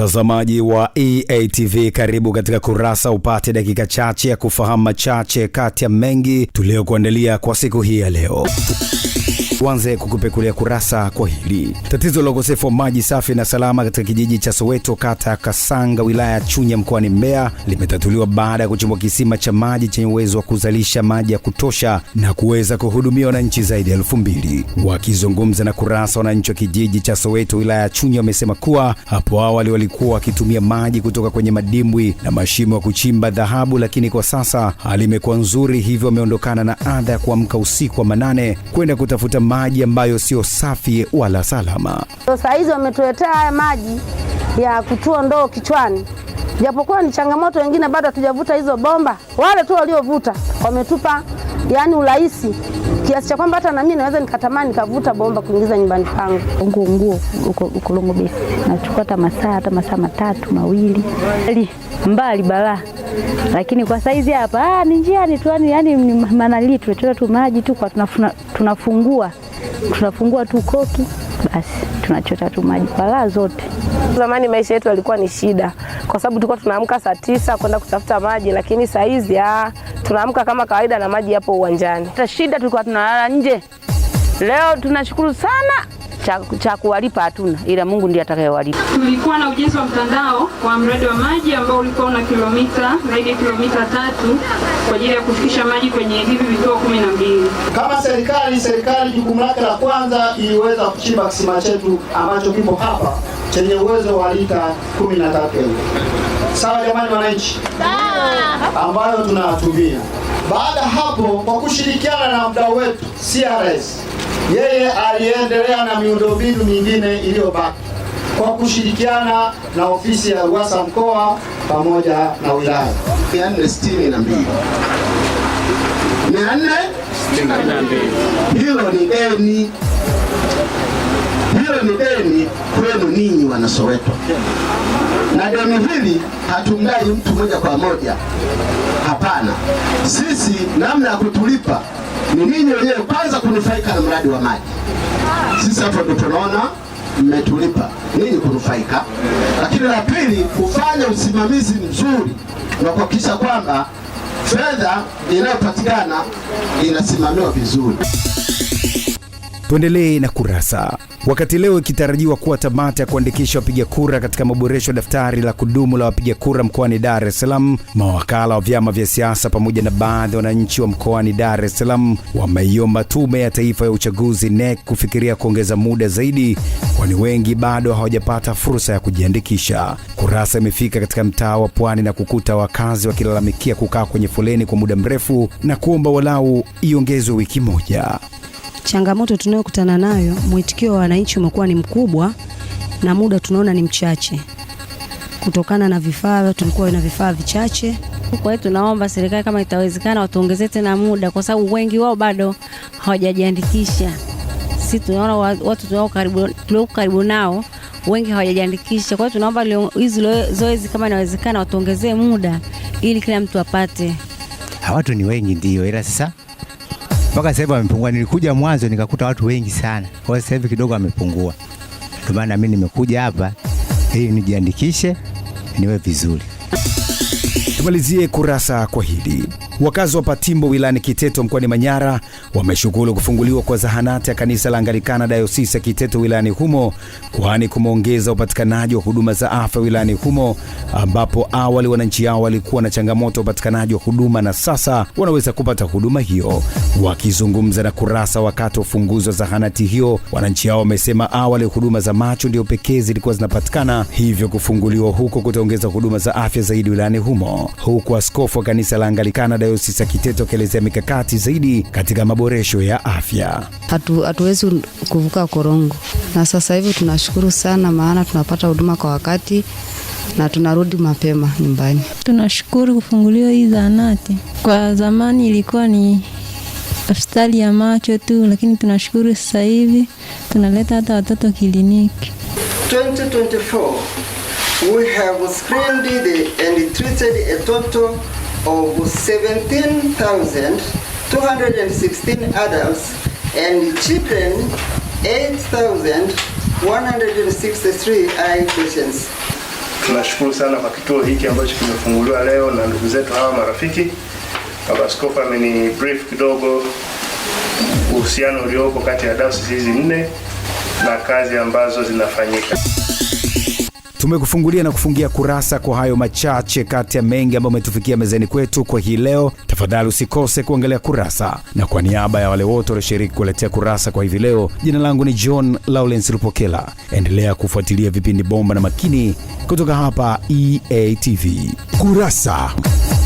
Mtazamaji wa EATV, karibu katika Kurasa, upate dakika chache ya kufahamu machache kati ya mengi tuliyokuandalia kwa siku hii ya leo. Tuanze kukupekulia kurasa kwa hili tatizo la ukosefu wa maji safi na salama katika kijiji cha Soweto, kata ya Kasanga, wilaya ya Chunya, mkoani Mbeya limetatuliwa baada ya kuchimbwa kisima cha maji chenye uwezo wa kuzalisha maji ya kutosha na kuweza kuhudumia wananchi zaidi ya elfu mbili. Wakizungumza na Kurasa, wananchi wa kijiji cha Soweto, wilaya ya Chunya, wamesema kuwa hapo awali wali walikuwa wakitumia maji kutoka kwenye madimbwi na mashimo ya kuchimba dhahabu, lakini kwa sasa hali imekuwa nzuri, hivyo wameondokana na adha ya kuamka usiku wa manane kwenda kutafuta maji ambayo sio safi wala salama. Sasa hizi wametuletea haya maji ya kutua ndoo kichwani, japokuwa ni changamoto, wengine bado hatujavuta hizo bomba, wale tu waliovuta wametupa yani urahisi kiasi cha kwamba hata na mimi naweza nikatamani nikavuta bomba kuingiza nyumbani pangu. Nguo nguo ukolongo beef nachukua hata masaa hata masaa matatu mawili mbali bala, lakini kwa saizi hapa ah, ni njiani tu, yani yaani manalii tunachota tu maji tu kwa tunafungua tunafungua tu koki basi tunachota tu maji kwa laa zote. Zamani maisha yetu yalikuwa ni shida, kwa sababu tulikuwa tunaamka saa tisa kwenda kutafuta maji, lakini saa hizi ah, tunaamka kama kawaida na maji yapo uwanjani. Ta shida tulikuwa tunalala nje. Leo tunashukuru sana cha, cha kuwalipa hatuna, ila Mungu ndiye atakayewalipa. Tulikuwa na ujenzi wa mtandao wa mradi wa maji ambao ulikuwa una kilomita zaidi ya kilomita tatu kwa ajili ya kufikisha maji kwenye hivi vituo kumi na mbili. Kama serikali, serikali jukumu lake la kwanza iliweza kuchimba kisima chetu ambacho kipo hapa chenye uwezo wa lita kumi na tatu sawa, jamani wananchi, ambayo tunatumia baada hapo kwa kushirikiana na mdau wetu CRS, yeye aliendelea na miundombinu mingine iliyobaki kwa kushirikiana na ofisi ya RUWASA mkoa pamoja na wilaya. 462 462. Hilo ni deni, hilo ni deni kwenu ninyi wana na deni hili hatumdai mtu moja kwa moja, hapana. Sisi namna ya kutulipa ni ninyi wenyewe kwanza kunufaika na mradi wa maji. Sisi hapo ndo tunaona mmetulipa ninyi kunufaika, lakini la pili, kufanya usimamizi mzuri na kuhakikisha kwamba fedha inayopatikana inasimamiwa vizuri. Tuendelee na Kurasa. Wakati leo ikitarajiwa kuwa tamata ya kuandikisha wapiga kura katika maboresho ya daftari la kudumu la wapiga kura mkoani Dar es Salaam, mawakala wa vyama vya siasa pamoja na baadhi ya wananchi wa mkoani Dar es Salaam wameiomba Tume ya Taifa ya Uchaguzi NEC kufikiria kuongeza muda zaidi, kwani wengi bado hawajapata fursa ya kujiandikisha. Kurasa imefika katika mtaa wa Pwani na kukuta wakazi wakilalamikia kukaa kwenye foleni kwa muda mrefu na kuomba walau iongezwe wiki moja changamoto tunayokutana nayo, mwitikio wa wananchi umekuwa ni mkubwa na muda tunaona ni mchache, kutokana na vifaa, tulikuwa na vifaa vichache. Kwa hiyo tunaomba serikali kama itawezekana, watuongezee tena muda, kwa sababu wengi wao bado hawajajiandikisha. Si tunaona watu tunao karibu, tulio karibu nao wengi hawajajiandikisha. Kwa hiyo tunaomba hizi zoezi kama inawezekana, watuongezee muda ili kila mtu apate. Watu ni wengi ndio, ila sasa mpaka sasa hivi wamepungua. Nilikuja mwanzo nikakuta watu wengi sana, kwa hiyo sasa hivi kidogo wamepungua. Ndio maana mimi nimekuja hapa ili nijiandikishe niwe vizuri. Tumalizie kurasa kwa hili. Wakazi wa Patimbo wilani Kiteto mkoani Manyara wameshukuru kufunguliwa kwa zahanati ya kanisa la Anglikana Dayosisi ya Kiteto wilayani humo, kwani kumeongeza upatikanaji wa huduma za afya wilani humo, ambapo awali wananchi hao walikuwa na changamoto ya upatikanaji wa huduma na sasa wanaweza kupata huduma hiyo. Wakizungumza na Kurasa wakati wa ufunguzi wa zahanati hiyo, wananchi hao wamesema awali huduma za macho ndio pekee zilikuwa zinapatikana, hivyo kufunguliwa huko kutaongeza huduma za afya zaidi wilani humo, huku askofu wa kanisa la Anglikana Dayosisi ya Kiteto akielezea mikakati zaidi katika maboresho ya afya. Hatuwezi kuvuka korongo, na sasa hivi tunashukuru sana, maana tunapata huduma kwa wakati na tunarudi mapema nyumbani. Tunashukuru kufunguliwa hii zahanati. Kwa zamani ilikuwa ni hospitali ya macho tu, lakini tunashukuru sasa hivi tunaleta hata watoto kliniki. 2024 we have screened and treated a total of 17,216 adults and children 8,163 eye patients. Tunashukuru sana kwa kituo hiki ambacho kimefunguliwa leo na ndugu zetu hawa marafiki. Baba Askofu ameni brief kidogo uhusiano uliopo kati ya dayosisi hizi nne na kazi ambazo zinafanyika. Tumekufungulia na kufungia kurasa kwa hayo machache kati ya mengi ambayo umetufikia mezani kwetu kwa hii leo. Tafadhali usikose kuangalia kurasa, na kwa niaba ya wale wote walioshiriki kuletea kurasa kwa hivi leo, jina langu ni John Lawrence Lupokela. Endelea kufuatilia vipindi bomba na makini kutoka hapa EATV Kurasa.